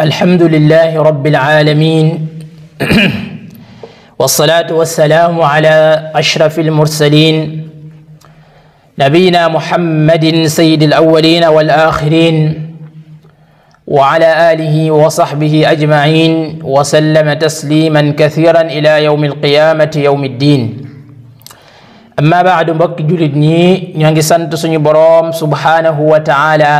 alhamdulilahi rabbil aalamiin wasalaatu wasalaamu ala ashrafil mursaliin nabiina muhammadin sayyidil awwaliina wal aaxiriin wa ala aalihi wa saxbihi ajmaciin wa sallama tasliiman kasiiran ilaa yawmil qiyaamati yawmid diin amma baadu mbokk jullit ñi ñoo ngi sant suñu boroom subhaanahu wa taala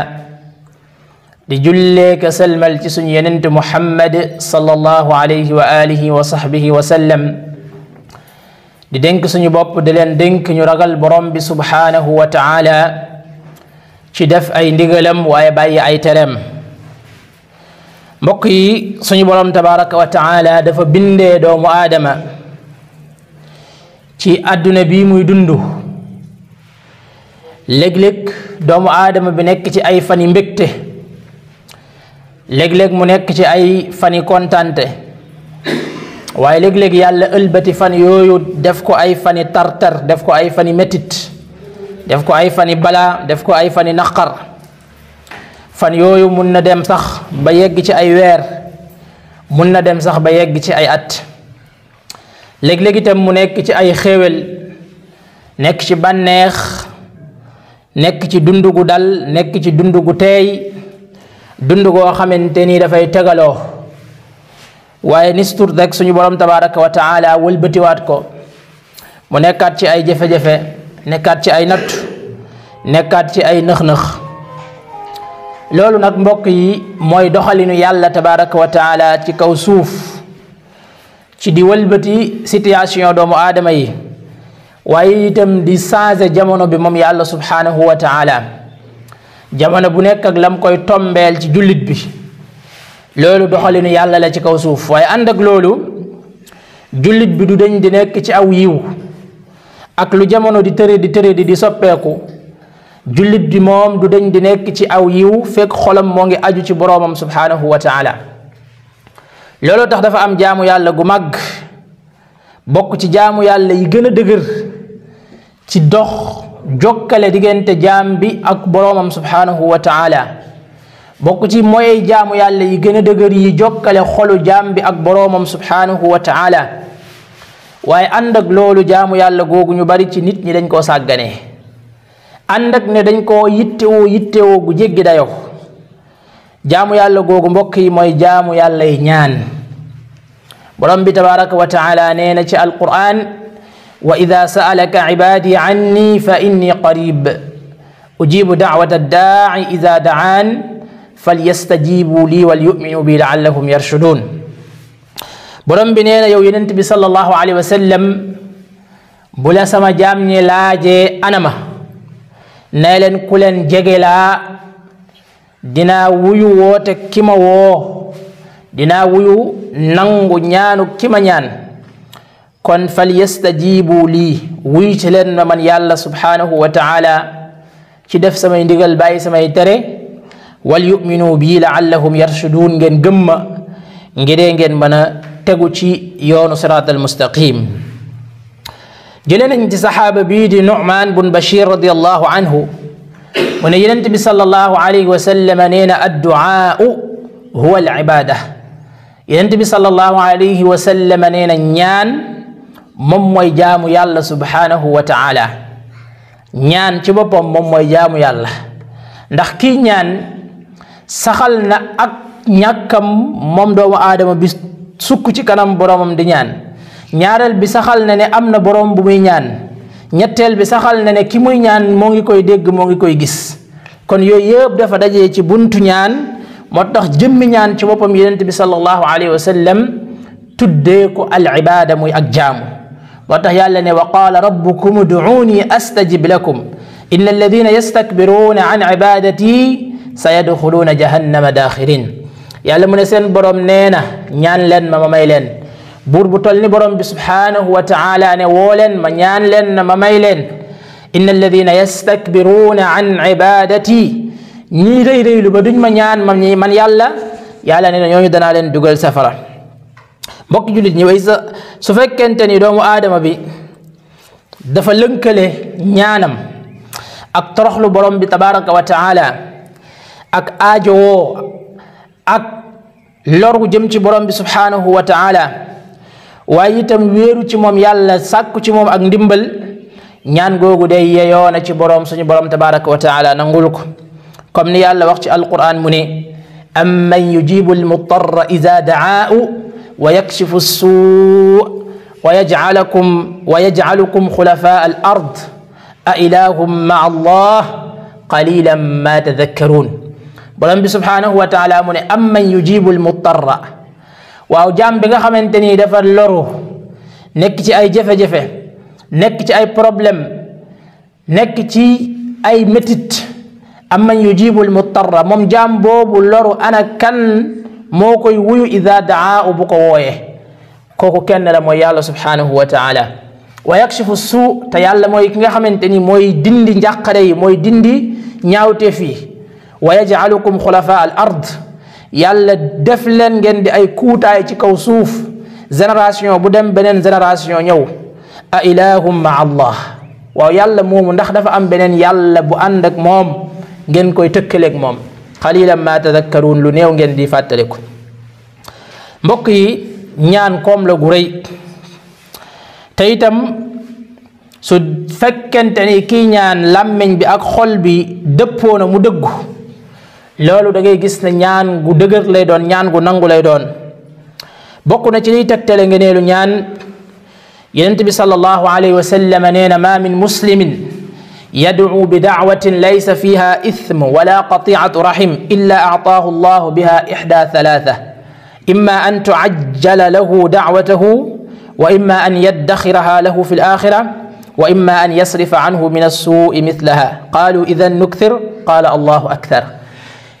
di jullee ka salmal ci suñu yenent muhammad sallallahu alayhi wa alihi wa sahbihi wa sallam di dénk suñu bopp di leen dénk ñu ragal borom bi subhaanahu wa taala ci def ay ndigalam waaye bàyyi ay tereem mbokk yi suñu borom tabaraka wa taala dafa bindee doomu aadama ci àdduna bi muy dund léeg-léeg doomu aadama bi nekk ci ay fan yi mbégte léeg-léeg mu nekk ci ay fani kontante waaye léeg-léeg yàlla ëlbati fan yooyu def ko ay fani tartar def ko ay fani metit def ko ay fani balaa def ko ay fani naqar fan yooyu mun na dem sax ba yegg ci ay weer mun na dem sax ba yegg ci ay at léegi léeg itam mu nekk ci ay xéwél nekk ci banneex nekk ci dund gu dal nekk ci dund gu teey dund goo xamante ni dafay tegaloo waaye nistuut rek suñu borom tabaraka wa taala waat ko mu nekkaat ci ay jafe-jafe nekkaat ci ay natt nekkaat ci ay nëx-nëx loolu nag mbokk yi mooy doxalinu yàlla tabaraka wa taala ci kaw suuf ci di wëlbati situation doomu aadama yi waaye itam di changer jamono bi moom yàlla subhanahu wa taala jamono bu nekk ak lam koy tombeel ci jullit bi loolu doxalinu yàlla la ci kaw suuf waaye ànd ak loolu jullit bi du dañ di nekk ci aw yiw ak lu jamono di tëre di tëre di soppeeku jullit bi moom du dañ di nekk ci aw yiw fekk xolam moo ngi aju ci boromam subhaanahu wa taala loolu tax dafa am jaamu yàlla gu màgg bokk ci jaamu yàlla yi gën a dëgër ci dox jokkale diggante jaam bi ak boroomam subhaanahu wa taala bokk ci mooy jaamu yàlla yi gën a dëgër yi jokkale xolu jaam bi ak boroomam subhaanahu wa taala waaye ànd loolu jamu yàlla googu ñu bari ci nit ñi dañ koo sàggane ànd ak dañ koo yittewoo yittewoo gu jéggi dayo jaamu yàlla googu mbokk yi mooy jaamu yàlla yi ñaan borom tabaraka wa taala nee ci alquran wa ida saalaka ibaadi anni fa inni qarib ujibu daawata daai ida daan falyastajibu lii walyuminu bi laallahum yarshudun borom bi nee na yow yonent bi sallallahu alayhi wa sallam bu la sama jaam ñi laajee anama nee leen ku leen jege laa dinaa wuyu woote ki ma woo dinaa wuyu nangu ñaanu ki ma ñaan kon fal yastajibu lii wuy ci leen ma man yàlla subhanahu wa taala ci def samay ndigal bàyyi samay tere wal yuminu bii laallahum yarshuduun ngeen gëmma ngiree ngeen mën a tegu ci yoonu siraat almustaqim jëlee nañ ci saxaaba bii di nucmaan bun bashir radiallahu anhu mu ne yenent bi sallallahu alayhi wa sallam nee na adduaau huwa al ibaada yenent bi sallallahu alayhi wa sallam nee na ñaan moom mooy jaamu yàlla subhaanahu wa ta'ala ñaan ci boppam moom mooy jaamu yàlla ndax kii ñaan saxal na ak ñàkkam moom doomu aadama bi sukk ci kanam boromam di ñaan ñaareel bi saxal na ne am na borom bu muy ñaan ñetteel bi saxal na ne ki muy ñaan moo ngi koy dégg moo ngi koy gis kon yooyu yëpp dafa dajee ci buntu ñaan moo tax jëmmi ñaan ci boppam yonent bi sallallahu alayhi wa sallam tuddee ko al ibaada muy ak jaamu moo tax yàlla ne wa qaala rabbukum uduuni astajib lakum inna alladina yastakbiruuna an ibadati sa yadxuluuna jahannama daaxirin yàlla mu ne seen borom nee na ñaan leen ma ma may leen buur bu tol ni borom bi subhaanahu wa taala ne woo leen ma ñaan leen na ma may leen inna alladina yastakbiruuna an ibadati ñii rëy rëylu ba duñ ma ñaan ma ñi man yàlla yàlla ne na ñooñu danaa leen dugal safara mbokki jullit ñi way sa su fekkente ni doomu aadama bi dafa lënkale ñaanam ak toroxlu borom bi tabaraka wa taala ak aajowoo ak lorgu jëm ci borom bi subhaanahu wa taala waaye tam wéeru ci moom yàlla sàkku ci moom ak ndimbal ñaan googu day yeyoona ci borom suñu borom tabaraka wa taala nangul ko ni yàlla wax ci alquran mu ne amman yujibu almutarra ida daaahu wa yakshifu suu wa yajcalakum wa yajcalukum xulafaa al ard a ilaahum maa allah qalilan ma tadakkaruun borom bi subhaanahu wa taala mu ne amman yujibu almutarra waaw jaam bi nga xamante ni dafa loru nekk ci ay jafe-jafe nekk ci ay problème nekk ci ay métit amman yujibu almutarra moom jaam boobu loru ana kan moo koy wuyu ida daahu bu ko wooyee kooku kenn la mooy yàlla subhanahu wa taala wa yakshifu suu te yàlla mooy ki nga xamante ni mooy dindi njàqare yi mooy dindi ñaawteef yi wa yajcalukum xulafa al ard yàlla def leen ngeen di ay kuutaay ci kaw suuf génération bu dem beneen génération ñëw a ilahum ma allah waaw yàlla moomu ndax dafa am beneen yàlla bu ànd moom ngeen koy tëkkaleeg moom qalilan ma tadakkaruun lu néew ngeen di fàttaliku mbokk yi ñaan koom la gu rëy te itam su fekkente ni kii ñaan làmmiñ bi ak xol bi dëppoo na mu dëggu loolu da ngay gis ne ñaan gu dëgër lay doon ñaan gu nangu lay doon bokk na ci liy tegtale lu ñaan yenent bi sallallahu alayhi wa sallam nee na ma min muslimin yad'u bi da'watin laysa fiha ithm wala qati'atu rahim illa a'tahu Allah biha ihda thalatha imma an tu'ajjala lahu da'watahu wa imma an yaddakhiraha lahu fil akhirah wa imma an yasrifa anhu min as-su'i mithlaha qalu idhan nukthir qala Allahu akthar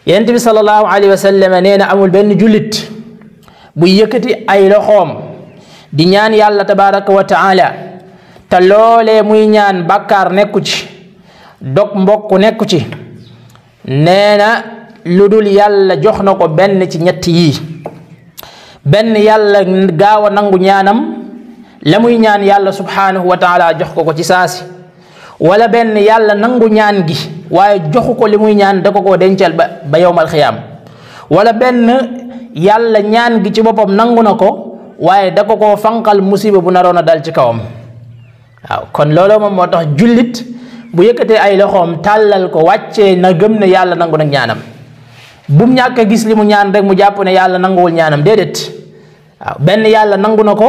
Yonent bi sallallahu alayhi wa sallam nee na amul benn jullit bu yëkkati ay loxoom di ñaan yàlla tabaraka wa taala te loolee muy ñaan bàkkaar nekku ci dog mbokk nekku ci nee na lu dul yàlla jox na ko benn ci ñett yii benn yàlla gaaw a nangu ñaanam la muy ñaan yàlla subhaanahu wa jox ko ko ci saasi walla benn yàlla nangu ñaan gi waaye joxu ko li muy ñaan da ko koo dencal ba ba yowmal xiyaam wala benn yàlla ñaan gi ci boppam nangu na ko waaye da ko koo fanqal musiba bu naroon a dal ci kawam waaw kon loolu moom moo tax jullit bu yëkkatee ay loxoom tàllal ko wàcce na gëm ne yàlla nangu nag ñaanam bu ñàkk a gis li mu ñaan rek mu jàpp ne yàlla nanguwul ñaanam déedéet waaw benn yàlla nangu na ko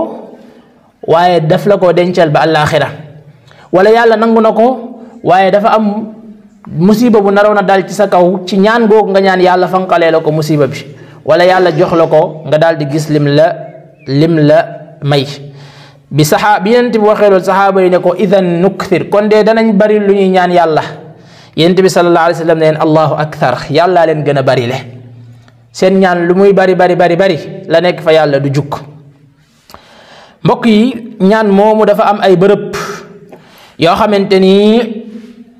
waaye daf la ko denceel ba àllaaxira wala yàlla nangu na ko waaye dafa am musiba bu naroon a dal ci sa kaw ci ñaan googu nga ñaan yàlla fanqalee la ko musiba bi wala yàlla jox la ko nga daal di gis lim la lim la may. bi saxaa bi bi waxee loolu saxaaba yi ne ko idan nukthir kon dee danañ bari lu ñuy ñaan yàlla yent bi sallallahu alayhi wa sallam ne leen allahu akthar yàlla leen gën a bari le seen ñaan lu muy bari bari bari bari la nekk fa yàlla du jukk mbokk yi ñaan moomu dafa am ay bërëb yoo xamante ni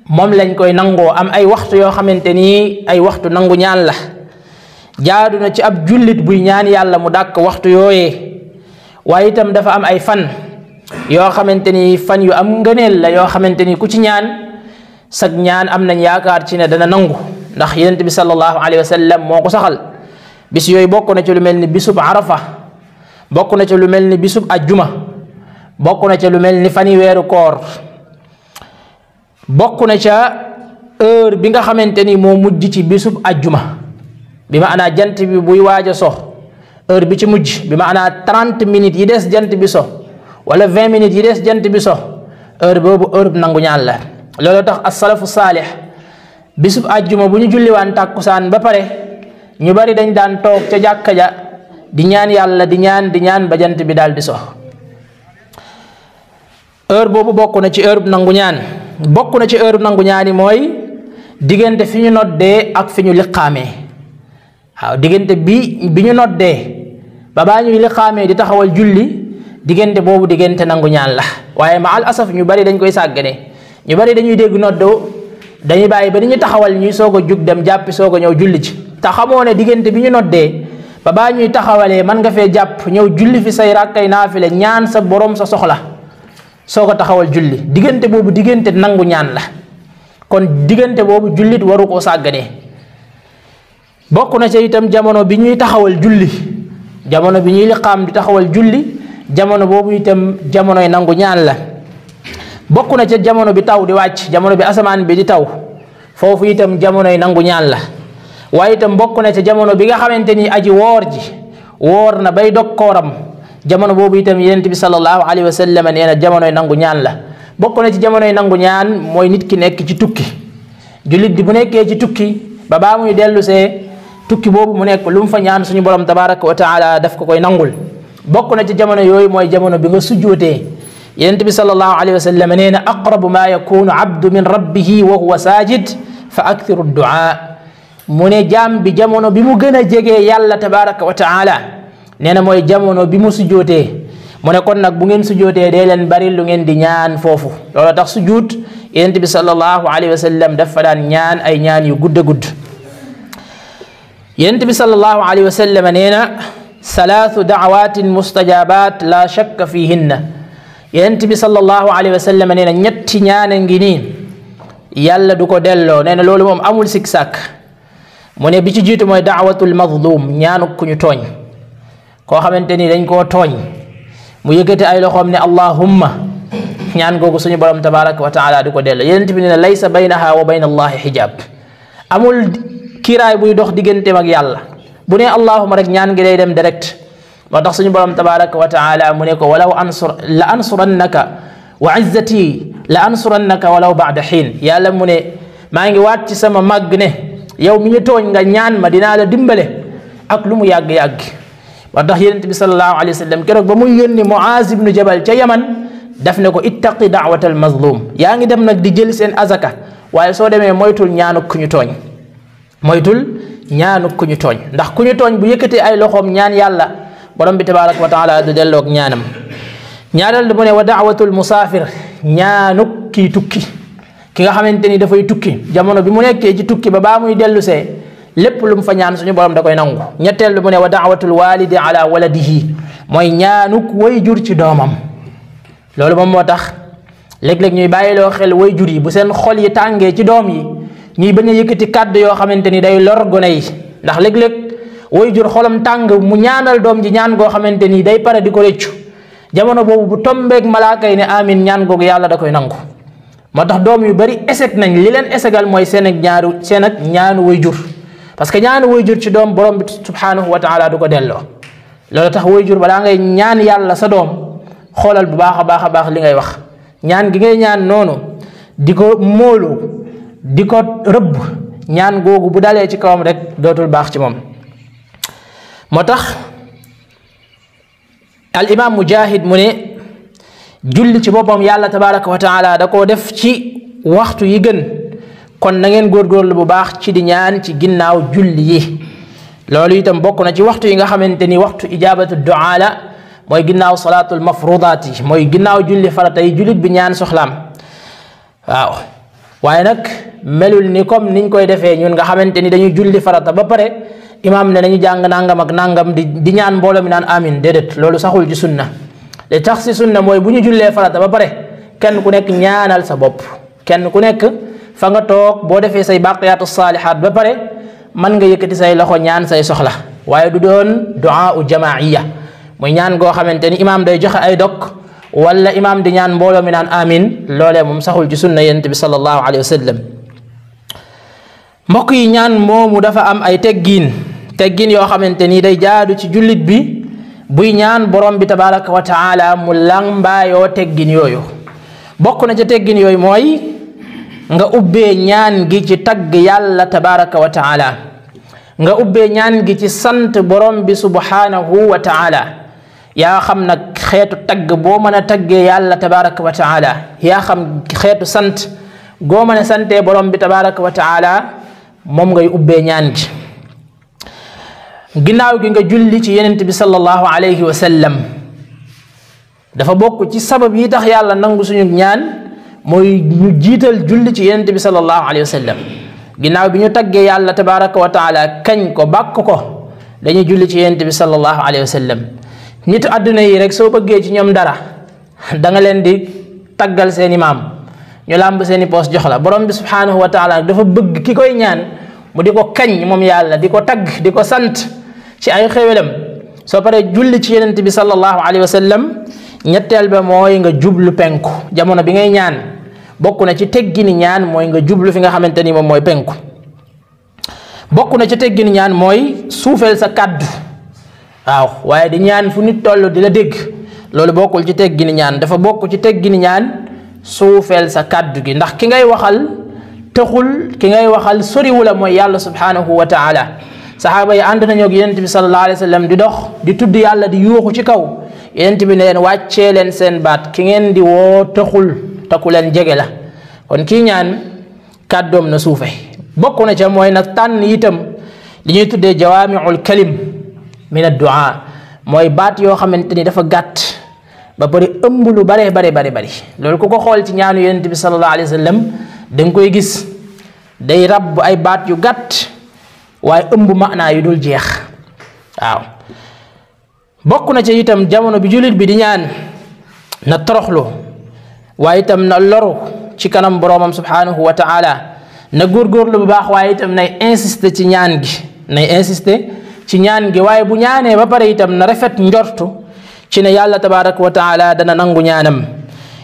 moom lañ koy nangoo am ay waxtu yoo xamante ni ay waxtu nangu ñaan la jaadu na ci ab jullit buy ñaan yàlla mu dàkk waxtu yooyee waaye itam dafa am ay fan yoo xamante ni fan yu am ngëneel la yoo xamante ni ku ci ñaan sag ñaan am nañ yaakaar ci ne dana nangu ndax yonent bi sallallahu alayhi wa sallam moo ko saxal bis yooyu bokk na ci lu mel ni bisub arafa bokk na ci lu mel ni bisub ajjuma bokk na ca lu mel ni fani weeru koor bokk na ca heure bi nga xamante ni moo mujj ci bisub ajjuma bi ma ana jant bi buy waaj a sox heure bi ci mujj bi ma maanaa trente minutes yi des jant bi so wala vingt minutes yi des jant bi so heure boobu heure bu nangu ñaan la loolu tax asalafu saalix bisub àjjuma bu ñu julliwaan tàkkusaan ba pare ñu bari dañ daan toog ca jàkka ja di ñaan yàlla di ñaan di ñaan ba jant bi daal di so heure boobu bokk na ci heure bu nangu ñaan bokk na ci heure bu nangu ñaan yi mooy diggante fi ñu noddee ak fi ñu liqaamee waaw diggante bi bi ñu noddee ba baa ñuy liqaamee di taxawal julli diggante boobu diggante nangu ñaan la waaye ma al asaf ñu bari dañ koy sàggane ñu bari dañuy dégg noddoo dañuy bàyyi ba ni taxawal ñuy soog a jug dem jàppi soog a ñëw julli ci te xamoo ne diggante bi ñu noddee ba baa taxawalee mën nga fee jàpp ñëw julli fi say rakkay naafile ñaan sa borom sa soxla soog a taxawal julli diggante boobu diggante nangu ñaan la kon diggante boobu jullit waru koo sàgganee bokk na ca itam jamono bi ñuy taxawal julli jamono bi ñuy liqaam di taxawal julli jamono boobu itam jamonoy nangu ñaan la bokk na ca jamono bi taw di wàcc jamono bi asamaan bi di taw foofu itam jamonoy nangu ñaan la waaye itam bokk na ca jamono bi nga xamante ni aji woor ji woor na bay dog kooram jamono boobu itam yonent bi sallallahu alayhi wa sallam nee na jamonoy nangu ñaan la bokk na ci jamonoy nangu ñaan mooy nit ki nekk ci tukki jullit bi bu nekkee ci tukki ba baa muy dellusee tukki boobu mu nekk lu mu fa ñaan suñu borom tabaraka wa taala daf ko koy nangul bokk na ci jamono yooyu mooy jamono bi nga sujjootee yonent bi sallallahu alayhi wa sallam nee na aqrabu ma yakunu abdu min rabbihi wa huwa sajid fa akthiru duaa mu ne jaam bi jamono bi mu gën a jegee yàlla tabaraka wa taala nee na mooy jamono bi mu sujjootee mu ne kon nag bu ngeen sujjootee dee leen bari lu ngeen di ñaan foofu loolu tax sujjuut yonent bi sallallahu alayhi wa sallam daf fa daan ñaan ay ñaan yu gudd a gudd yonent bi sallallahu alayhi wa sallam nee na mustajabat la shakka fihinna yonent bi sallallahu alayhi wa sallam nee na ñetti ñaane ngi nii yàlla du ko delloo nee na loolu moom amul sik sàkk mu ne bi ci jiitu mooy daawatul mazlum ñaanu kuñu ñu tooñ koo xamante ni dañ ko tooñ mu yëkkati ay loxoom ne allahumma ñaan googu suñu borom tabaraka wa taala du ko delloo yonent bi nee na laysa baynaha wa bayna allahi kiiraay buy dox digganteem ak yàlla bu ne ma rek ñaan gi day dem direct ma dox suñu borom tabaraka wa taala mu ne ko walaw ansur la ansurannaka wa izzati la ansurannaka walaw baada xiin yàlla mu ne maa ngi waat ci sama màgg ne yow mi ñu tooñ nga ñaan ma dinaa la dimbale ak lu mu yàgg-yàgg moo tax yonent bi salallahu alayhi wa sallam keroog ba muy yónni Muaz ibnu Jabal ca Yaman daf ne ko ittaqi daawata al mazlum yaa ngi dem nag di jël seen azaka waaye soo demee moytul ñaanu ku ñu tooñ moytul ñaanu ku ñu tooñ ndax ku ñu tooñ bu yëkkatee ay loxoom ñaan yàlla borom bi tabaaraka wa taala du delloog ñaanam ñaanal du mu ne wa daawatul musaafir ñaanu kii tukki ki nga xamante ni dafay tukki jamono bi mu nekkee ci tukki ba baa muy dellusee lépp lu mu fa ñaan suñu borom da koy nangu ñetteel bi mu ne wa daawatul walidi ala waladihi mooy ñaanuk way jur ci doomam loolu moom moo tax léeg-léeg ñuy bàyyiloo xel way jur yi bu seen xol yi tàngee ci doom yi ñuy bañ a yëkkati kàddu yoo xamante ni day lor gone yi ndax léeg-léeg woy jur xoolam tàng mu ñaanal doom ji ñaan goo xamante nii day pare di ko rëccu jamono boobu bu tombeeg malaaka yi ne amin ñaan googu yàlla da koy nangu moo tax doom yu bari échec nañ li leen échegal mooy seen ak ñaaru seen ak ñaanu jur parce que ñaanu way jur ci doom borom bi subhanahu wa du ko delloo loolu tax way jur balaa ngay ñaan yàlla sa doom xoolal bu baax a baax a baax li ngay wax ñaan gi ngay ñaan noonu di ko rëbb ñaan googu bu dalee ci kawam rek dootul baax ci moom moo tax al imaam mujahid mu ne julli ci boppam yàlla tabaraka wa taala da koo def ci waxtu yi gën kon na ngeen góorgóorlu bu baax ci di ñaan ci ginnaaw julli yi loolu itam bokk na ci waxtu yi nga xamante ni waxtu ijaabatu duaa la mooy ginnaaw salaatul mafrudaat yi mooy ginnaaw julli farata yi jullit bi ñaan soxlaam waaw waaye nag melul ni comme niñ koy defee ñun nga xamante ni dañuy julli farata ba pare imaam ne nañu jàng nangam ak nangam di di ñaan mbooloo mi naan amin déedéet loolu saxul ci sunna li tax si sunna mooy bu ñu jullee farata ba pare kenn ku nekk ñaanal sa bopp kenn ku nekk fa nga toog boo defee say baqiyaatu saalihaat ba pare mën nga yëkkati say loxo ñaan say soxla waaye du doon duaa u jamaiya muy ñaan goo xamante ni imaam day joxe ay dog wala imaam di ñaan mbooloo mi naan amin loolee moom saxul ci sunna yonent bi sallallahu alayhi wa sallam mbokk ñaan moomu dafa am ay teggiin teggiin yoo xamante ni day jaadu ci jullit bi buy ñaan borom bi tabaraka wa mu làmbaayoo teggin yooyu bokk na ca teggin yooyu mooy nga ubbee ñaan gi ci tagg yàlla tabaraka wa taala nga ubbee ñaan gi ci sant borom bi subhanahu wa yaa xam nag xeetu tagg boo mën a taggee yàlla tabaraka wa taala yaa xam xeetu sant goo mën a santee borom bi tabaraka wa taala moom ngay ubbee ñaan gi ginnaaw gi nga julli ci yenent bi sallallahu alayhi wa sallam dafa bokk ci sabab yi tax yàlla nangu suñu mooy ñu jiital julli ci yenent bi sallallahu alayhi wa sallam ginnaaw bi ñu taggee yàlla tabaraka wa taala kañ ko bàkk ko dañuy julli ci yenent bi sallallahu alayhi wa sallam nitu àdduna yi rek soo bëggee ci ñoom dara da nga leen di taggal seeni maam ñu làmb seeni poos jox la borom bi subhaanahu wa dafa bëgg ki koy ñaan mu di ko kañ moom yàlla di ko tagg di ko sant ci ay xéwalam soo paree julli ci yonent bi sallallahu alayhi wa sallam ñetteel ba mooy nga jublu penku jamono bi ngay ñaan bokk na ci teggini ñaan mooy nga jublu fi nga xamante ni moom mooy penku bokk na ci teggini ñaan mooy suufeel sa kàddu waaw waaye di ñaan fu nit toll di la dégg loolu bokkul ci teggini ñaan dafa bokk ci ni ñaan suufeel sa kàddu gi ndax ki ngay waxal taxul ki ngay waxal soriwula mooy yàlla subhaanahu wa taala saxaaba yi ànd nañoo ak yonent bi sallallahu alayhi wa di dox di tudd yàlla di yuuxu ci kaw yonent ne leen leen seen baat ki ngeen di woo taxul taku leen jege la kon kii ñaan kàddoom na suufe bokk na ca mooy nag tànn itam li ñuy tuddee jawaamiul kalim min addu'a mooy baat yoo xamante ni dafa gàtt ba pare ëmb lu bare bare bare bari loolu ko ko xool ci ñaanu yonent bi sallallahu alayhi wa sallam koy gis day rab ay baat yu gàtt waaye ëmb maanaa yu dul jeex waaw bokk na ci itam jamono bi jullit bi di ñaan na toroxlu waaye itam na loru ci kanam boroomam subhaanahu wa taala na góorgóorlu bu baax waaye itam nay insister ci ñaan gi nay insister ci ñaan gi waaye bu ñaanee ba pare itam na rafet njortu ci na yàlla tabaraka wa taala dana nangu ñaanam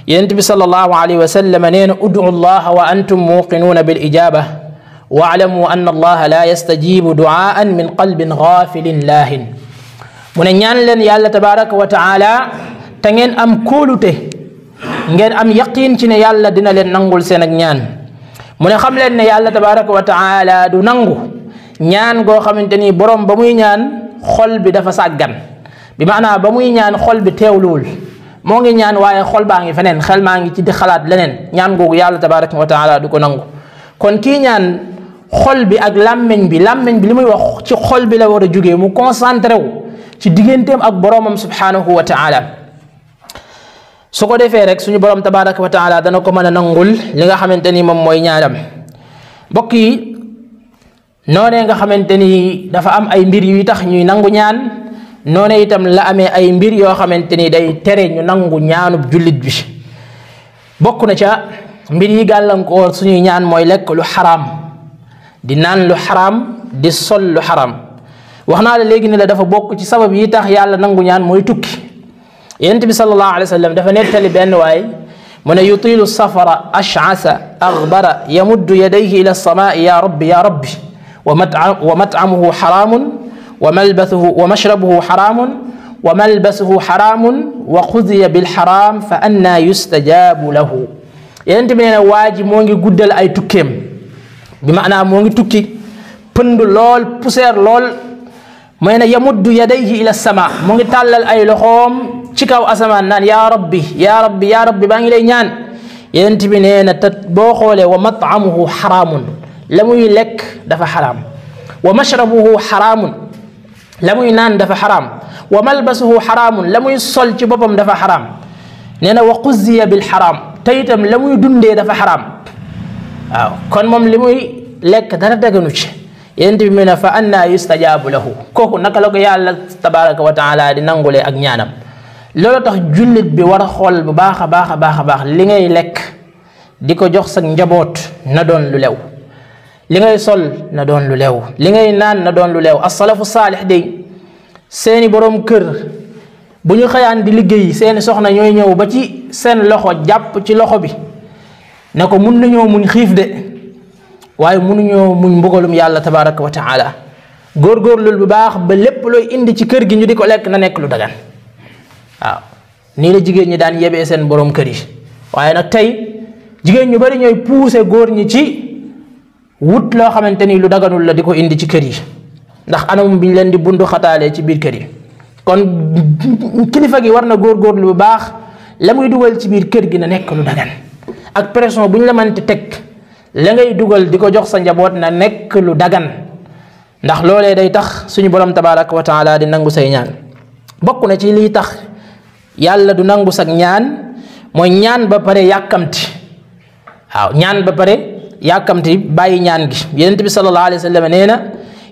yonent bi sallallahu alayhi wa sallam nee na udu llaha wa antum muqinuuna bil ijaba waalamu anna allaha la yastajibu duaan min qalbin gaafilin laahin mu ne ñaan leen yàlla tabaraka wa taala te ngeen am kóolute ngeen am yaqiin ci ne yàlla dina leen nangul seen ak ñaan mu ne xam leen ne yàlla tabaraka wa taala du nangu ñaan goo xamante ni boroom ba muy ñaan xol bi dafa sàggan bi maanaam ba muy ñaan xol bi teewluwul moo ngi ñaan waaye xol baa ngi feneen xel maa ngi ci di xalaat leneen ñaan googu yàlla tabaraka wa taala du ko nangu kon kii ñaan xol bi ak làmmiñ bi làmmiñ bi li muy wax ci xol bi la war a jógee mu concentré wu ci digganteem ak boromam subhanahu wa taala su ko defee rek suñu borom tabaraka wa taala dana ko mën a nangul li nga xamante ni moom mooy ñaanam mbokk noonee nga xamante ni dafa am ay mbir yuy tax ñuy nangu ñaan noonee itam la amee ay mbir yoo xamante ni day tere ñu nangu ñaanub jullit bi bokk na ca mbir yi gàllankoor suñuy ñaan mooy lekk lu xaraam di naan lu xaraam di sol lu xaram wax naa la léegi ne la dafa bokk ci sabab yi tax yàlla nangu ñaan mooy tukki yent bi sallallahu alayhi wa sallam dafa nettali benn waay mu ne yutilu safara ash'asa aghbara yamuddu yadayhi ila as-samaa'i ya rabbi ya rabbi wa mat'amuhu xaraamun wa malbasuhu wa mashrabuhu xaraamun wa malbasuhu xaraamun wa xudiya bilxaraam fa annaa yustajaabu lahu yenent bi nee na waa ji moo ngi guddal ay tukkeem bi maanaam moo ngi tukki pënd lool poussière lool mooy ne yamuddu yadayhi ila sama moo ngi tàllal ay loxoom ci kaw asamaan naan yaa rabbi yaa rabbi yaa rabbi baa ngi lay ñaan yenent bi nee na te boo xoolee wa mat'amuhu xaraamun la muy lekk dafa xaraam wa mashrabuhu xaraamun la muy naan dafa xaraam wa malbasuhu xaraamun la muy sol ci boppam dafa xaraam nee na wa quziya bil xaraam te itam la muy dundee dafa xaram waaw kon moom li muy lekk dara daganu ci yonent bi mu ne fa anna yustajaabu lahu kooku naka la ko yàlla tabaraka wa taala di nangulee ak ñaanam loolu tax jullit bi war a xool bu baax a baax a baax a baax li ngay lekk di ko jox sa njaboot na doon lu lew li ngay sol na doon lu leew li ngay naan na doon lu leew asalafu saalix day seeni boroom kër bu ñu xëyaan di liggéey seeni soxna ñooy ñëw ba ci seen loxo jàpp ci loxo bi ne ko mun nañoo muñ xiif de waaye munuñoo muñ mbugalum yàlla tabaraka wa taala góorgóorlul bu baax ba lépp looy indi ci kër gi ñu di ko lekk na nekk lu dagan waaw nii la jigéen ñi daan yebee seen boroom kër yi waaye nag tey jigéen ñu bari ñooy pousser góor ñi ci wut loo xamante ni lu daganul la di ko indi ci kër yi ndax anam bi ñu leen di bundu ci biir kër yi kon kilifa gi war na góor góorgóorlu bu baax la muy dugal ci biir kër gi na nekk lu dagan ak pression bu ñu la mënti teg la ngay dugal di ko jox sa njaboot na nekk lu dagan ndax loolee day tax suñu borom tabaraka wa taala di nangu say ñaan bokk na ci liy tax yàlla du nangu sag ñaan mooy ñaan ba pare yàkkamti waaw ñaan ba pare yàkkamti bàyyi ñaan gi yonent bi sallallahu alayhi wa sallam nee na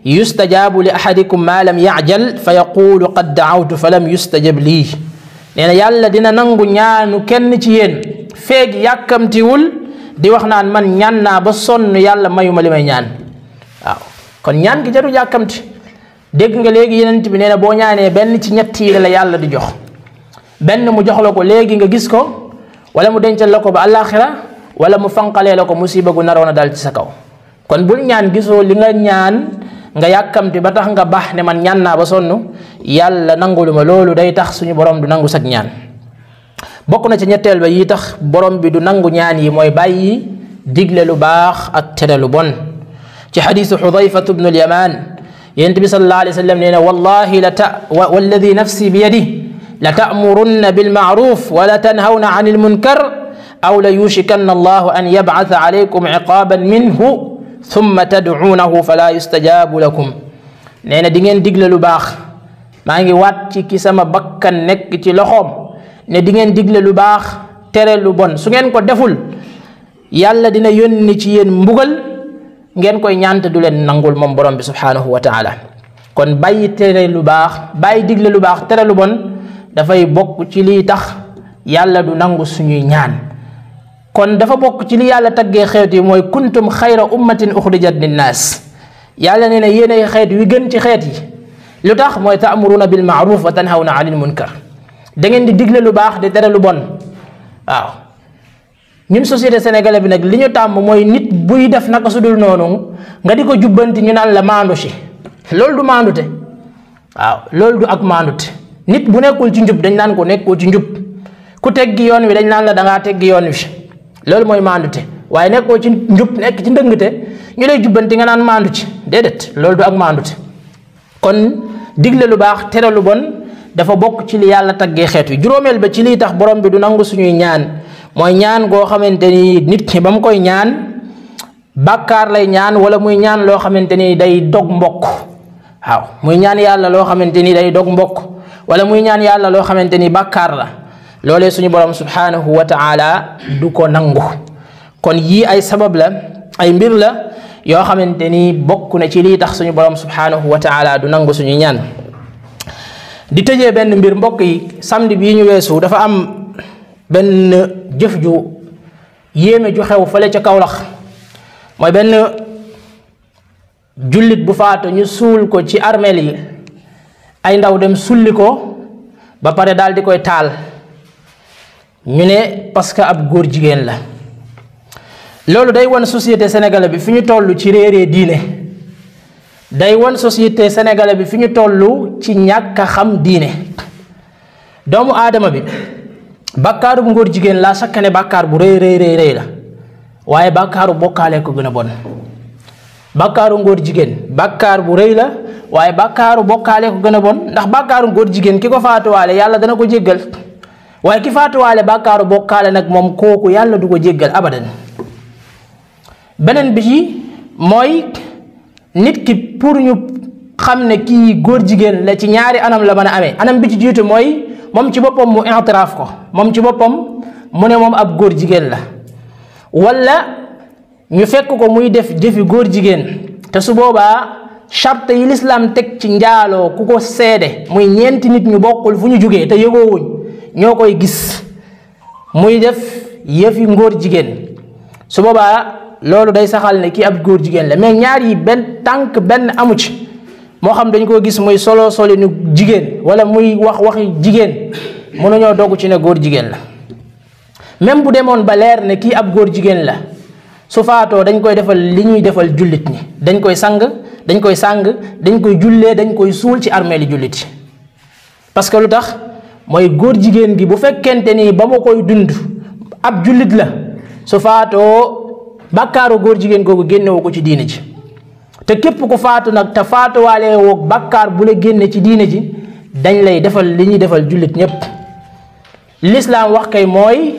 yustajaabu li ahadikum maa lam yacjal fa yaquulu qad daawtu fa lam yustajab lii nee na dina nangu ñaanu kenn ci yéen feeg yàkkamtiwul di wax naan man ñaan naa ba sonn yàlla ma li may ñaan waaw kon ñaan gi jarul yàkkamti dégg nga léegi yonent bi nee boo ñaanee benn ci ñett yi la yàlla di jox benn mu jox la ko léegi nga gis ko wala mu dencal la ko ba àllaaxira wala mu fanqalee la ko musiba gu naroon na dal ci sa kaw kon bul ñaan gisoo li nga ñaan nga yàkkamti ba tax nga baax ne man ñaan naa ba sonn yàlla nangulu ma loolu day tax suñu borom du nangu sag ñaan bokk na ci ñetteel ba yi tax borom bi du nangu ñaan yi mooy bàyyi digle lu baax ak tere lu bon ci xadiisu xudayfatu bnu lyamaan yonent bi sallallahu alayhi wa sallam na wallahi la ta walladi nafsi bi yadi la taamurunna bilmaaruf wala tanhawna an ilmunkar aw la yushikanna allahu an yabcatha alaykum ciqaaban minhu thumma tadcuunahu falaa yustajaabu lakum nee na di ngeen digle lu baax maa ngi waat ci ki sama bakkan nekk ci loxoom ne di ngeen digle lu baax tere lu bon su ngeen ko deful yàlla dina yónni ci yéen mbugal ngeen koy ñaante du leen nangul moom borom bi subhaanahu wa taala kon bàyyi tere lu baax bàyyi digle lu baax tere lu bon dafay bokk ci lii tax yàlla du nangu suñuy ñaan kon dafa bokk ci li yàlla taggee xeet yi mooy kuntum xayra ummatin uxrijat linnaas yàlla nee na yéenay xeet wi gën ci xeet yi lu tax mooy taamuruuna bil maaruf wa tanhawna anil munkar da ngeen di digle lu baax di tere lu bon waaw ñun société sénégalaise bi nag li ñu tàmm mooy nit buy def naka su dul noonu nga di ko jubbanti ñu naan la maandu si loolu du te waaw loolu du ak maandute nit bu nekkul ci njub dañ naan ko nekkoo ci njub ku teggi yoon wi dañ naan dangaa teggi yoon wi loolu mooy maandute waaye nekkoo ci njub nekk ci ndëngte ñu lay jubbanti nga naan maandu ci déedéet loolu du ak maandute kon digle lu baax tere lu bon dafa bokk ci li yàlla taggee xeet wi juróomeel ba ci liy tax borom bi du nangu suñuy ñaan mooy ñaan goo xamante ni nit ki ba mu koy ñaan bàkkaar lay ñaan wala muy ñaan loo xamante ni day dog mbokk waaw muy ñaan yàlla loo xamante ni day dog mbokk wala muy ñaan yàlla loo xamante ni bàkkaar la loole suñu borom subhanahu wa taala du ko nangu kon yii ay sabab la ay mbir la yoo xamante ni bokk na ci lii tax suñu borom subhanahu wa taala du nangu suñu ñaan di tëje benn mbir mbokk yi samedi bii ñu weesu dafa am benn jëf ju yéeme ju xew fële ca Kawlax mooy benn jullit bu faatu ñu suul ko ci armeel yi ay ndaw dem sulli ko ba pare daal di koy taal ñu ne parce que ab góor jigéen la loolu day wan société sénégalaise bi fi ñu tollu ci réeree diine day wan société sénégalaise bi fi ñu tollu ci ñàkk xam diine doomu aadama bi bàkkaaru bu ngóor jigéen laa sakka bàkkaar bu rëy rëy rëy la waaye bàkkaaru bokkaalee ko gën a bon bàkkaaru ngóor jigéen bàkkaar bu rëy la waaye bàkkaaru bokkaale ko gën a bon ndax bàkkaaru ngóor jigéen ki ko faatuwaale yàlla dana ko jéggal waaye ki faatuwaale bàkkaaru bokkaale nag moom kooku yàlla du ko jéggal abadan beneen bi ci mooy nit ki pour ñu xam ne kii góor jigéen la ci ñaari anam la man a amee anam bi ci jiitu mooy moom ci boppam mu intiraaf ko moom ci boppam mu ne moom ab góor jigéen la walla ñu fekk ko muy def jëfi góor jigéen te su boobaa charte yi lislaam teg ci njaaloo ku ko seede muy ñeenti nit ñu bokkul fu ñu jógee te wuñ ñoo koy gis muy def yëfi ngóor jigéen su boobaa loolu day saxal ne kii ab góor jigéen la mais ñaar yi benn tànk benn amu ci moo xam dañ ko gis muy solo solo ni jigéen wala muy wax waxi jigéen mënuñoo dogg ci ne góor jigéen la même bu demoon ba leer ne kii ab góor jigéen la su faatoo dañ koy defal li ñuy defal jullit ñi dañ koy sang dañ koy sang dañ koy jullee dañ koy suul ci armée li jullit parce que lu tax mooy góor jigéen gi bu fekkente ni ba ma koy dund ab jullit la su faatoo bakkaaru góor jigéen googu génnewu ko ci diine ji te képp ku faatu nag te faatuwaale woog bakkaar bu la génne ci diine ji dañ lay defal li ñuy defal jullit ñépp lislaam wax kay mooy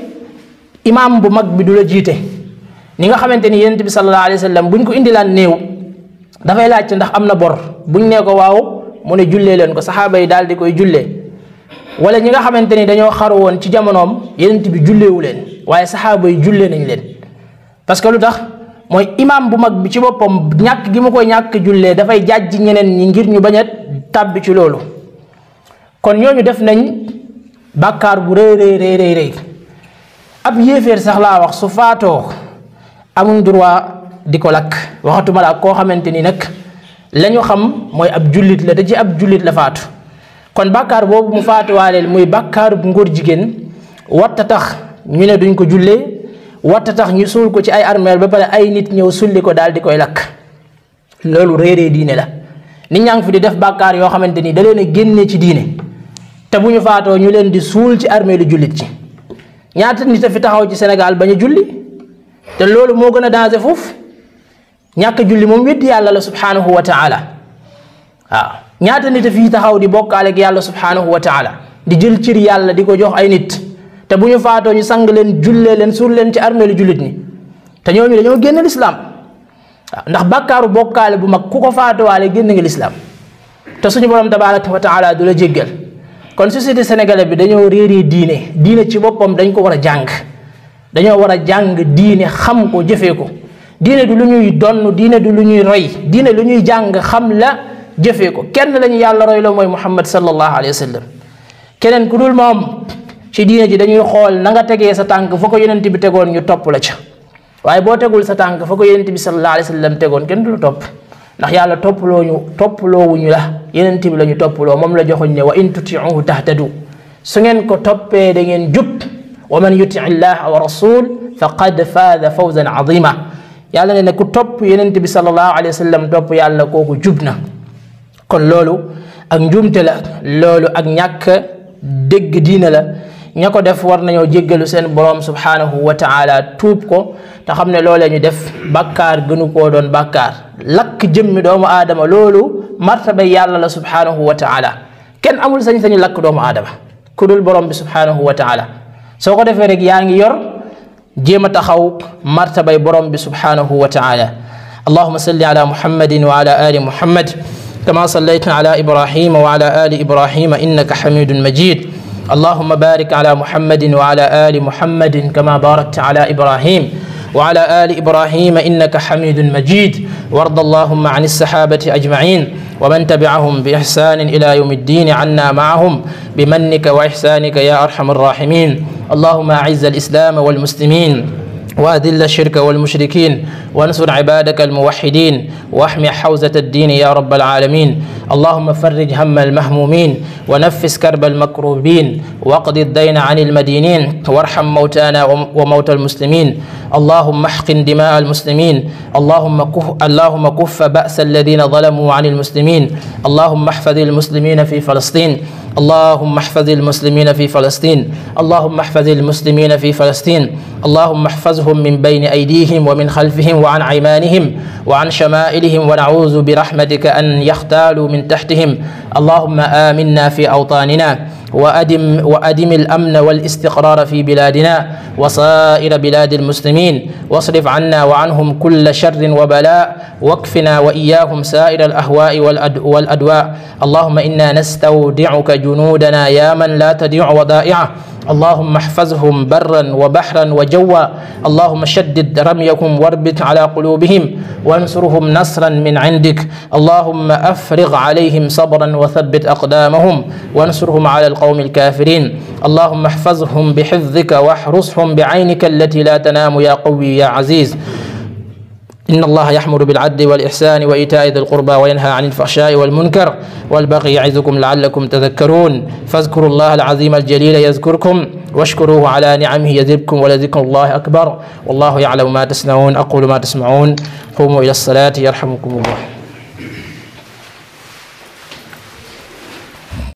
imaam bu mag bi du la jiite ni nga xamante ni yonent bi sallallahu alayhi wa buñ ko indilaan néew dafay laajte ndax am na bor buñ nee ko waaw mu ne jullee leen ko saxaaba yi daal di koy jullee wala ñi nga xamante ni dañoo xaru woon ci jamonoom yenent bi julleewu leen waaye saxaaba yi jullee nañ leen parce que lu tax mooy imaam bu mag bi ci boppam ñàkk gi mu koy ñàkk jullee dafay jàjj ñeneen ñi ngir ñu bañ a tàbbi ci loolu kon ñooñu def nañ bàkkaar bu rëy rëy rëy ab yéeféer sax laa wax su faatoo amuñ droit di ko lakk waxatuma laa koo xamante ni nag la xam mooy ab jullit la da ci ab jullit la faatu kon bàkkaar boobu mu faatuwaaleel muy bàkkaarub ngóor jigéen watta tax ñu ne duñ ko jullee watta tax ñu suul ko ci ay armeel ba pare ay nit ñëw sulli ko daal di koy lakk loolu réeree diine la nit ñaa ngi fi di def bàkkaar yoo xamante ni da génne ci diine te bu ñu faatoo ñu leen di suul ci armeelu jullit ci ñaata nit a fi taxaw ci senegal bañ a julli te loolu moo gën a danger foofu ñàkk julli moom weddi yàlla la subhanahu wa ta'ala waaw ñaata nit a fii taxaw di bokkaale ak yàlla subhaanahu wa taala di jël cër yàlla di ko jox ay nit te bu ñu faatoo ñu sang leen jullee leen suul leen ci armeel jullit ñi te ñooñu dañoo génn lislaam ndax bàkkaaru bokkaale bu mag ku ko faatuwaale génn nga lislaam te suñu borom tabaaraka wa taala du la jéggal kon société sénégalais bi dañoo réeree diine diine ci boppam dañ ko war a jàng dañoo war a jàng diine xam ko jëfe ko diine du lu ñuy donn diine du lu ñuy roy diine lu jàng xam jëfee ko kenn lañu yàlla royloo mooy muhammad sallallahu alayhi wa sallam keneen ku moom ci diine ji dañuy xool na nga tegee sa tànk fa ko yonent bi tegoon ñu topp la ca waaye boo tegul sa tànk fa ko yonent bi sallallahu alayhi wa sallam tegoon kenn du la topp ndax yàlla toppaloo ñu toppaloowuñu la yonent bi la ñu toppaloo moom la joxuñ ne wa in tutiuhu tahtadu su ngeen ko toppee da ngeen jub wa man yuti illaha wa fa faqad faada fawzan azima yàlla ne ne ku topp yonent bi sallallahu alayhi wa sallam topp yàlla kooku jub na kon loolu ak njuumte la loolu ak ñàkk dégg diina la ña ko def war nañoo jéggalu seen boroom subhaanahu wa taala tuub ko te xam ne loolee ñu def bàkkaar gënu koo doon bàkkaar lakk jëmmi doomu aadama loolu martaba yàlla la subhaanahu wa taala kenn amul sañ-sañu lakk doomu aadama ku dul boroom bi subhaanahu wa taala soo ko defee rek yaa ngi yor jéem a taxaw martabay boroom bi subhaanahu wa taala allahuma salli ala muhammadin wa ala ali muhammad كما صليت على إبراهيم وعلى آل إبراهيم إنك حميد مجيد اللهم بارك على محمد وعلى آل محمد كما باركت على إبراهيم وعلى آل إبراهيم إنك حميد مجيد وارض اللهم عن السحابة أجمعين ومن تبعهم بإحسان إلى يوم الدين عنا معهم بمنك وإحسانك يا أرحم الراحمين اللهم أعز الإسلام والمسلمين وأذل الشرك والمشركين وانصر عبادك الموحدين واحمي حوزة الدين يا رب العالمين اللهم فرج هم المهمومين ونفس كرب المكروبين واقض الدين عن المدينين وارحم موتانا وموتى المسلمين اللهم احقن دماء المسلمين اللهم كف اللهم كف بأس الذين ظلموا عن المسلمين اللهم احفظ المسلمين في فلسطين اللهم احفظ المسلمين في فلسطين اللهم احفظ المسلمين في فلسطين اللهم احفظهم من بين أيديهم ومن خلفهم وعن أيمانهم وعن شمائلهم ونعوذ برحمتك أن يختالوا من تحتهم اللهم آمنا في أوطاننا وأدم, وأدم الأمن والاستقرار في بلادنا وسائر بلاد المسلمين واصرف عنا وعنهم كل شر وبلاء واكفنا وإياهم سائر الأهواء والأدواء اللهم إنا نستودعك جنودنا يا من لا تديع ودائعه اللهم احفظهم برا وبحرا وجوا اللهم شدد رميهم واربط على قلوبهم وانصرهم نصرا من عندك اللهم افرغ عليهم صبرا وثبت اقدامهم وانصرهم على القوم الكافرين اللهم احفظهم بحفظك واحرسهم بعينك التي لا تنام يا قوي يا عزيز إن الله يحمر بالعدل والإحسان وإيتاء ذي القربى وينهى عن الفحشاء والمنكر والبغي يعظكم لعلكم تذكرون فاذكروا الله العظيم الجليل يذكركم واشكروه على نعمه يذبكم ولذكر الله أكبر والله يعلم ما تصنعون أقول ما تسمعون قوموا إلى الصلاة يرحمكم الله